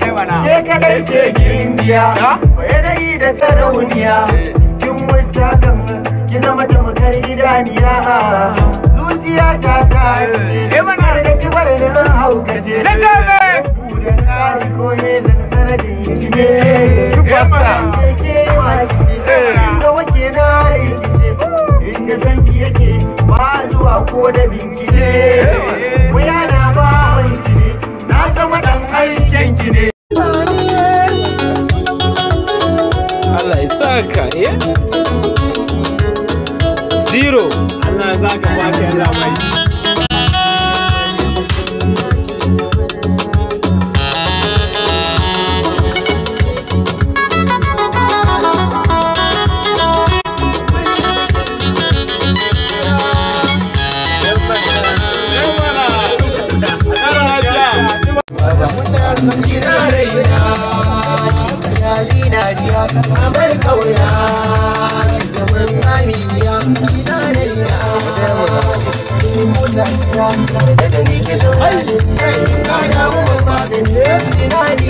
ke kadai ce gindiya bai da yi da sarauniya eh. kin wuce kan ki zama da makar gidaniya zuciya ta ta ce eh. eh mana da ki bar da zan haukace da gabe da kari ko ne zan sanadin yake yasta ke ma ki da wake na yake inda sanki yake ba zuwa ko da binkice haka eh zero Allah za ba Allah mai sai Zinariya, a bar kauna zaman Zinariya, ina da ya musa Zinariya, da ni ke sauran Zinariya, damu mamma da ni tunani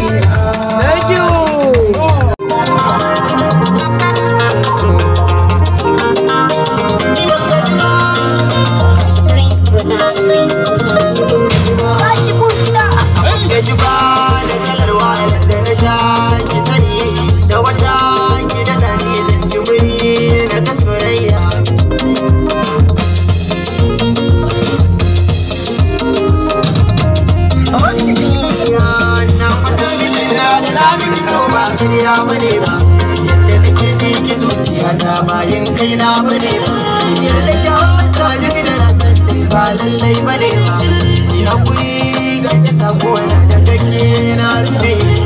shirya bane ba yadda nake ji ki zuciya ta bayan kai na bane ba yadda ki amsa duk da na san ba lallai bane ba ki hakuri ga ta sako na da kake na rufe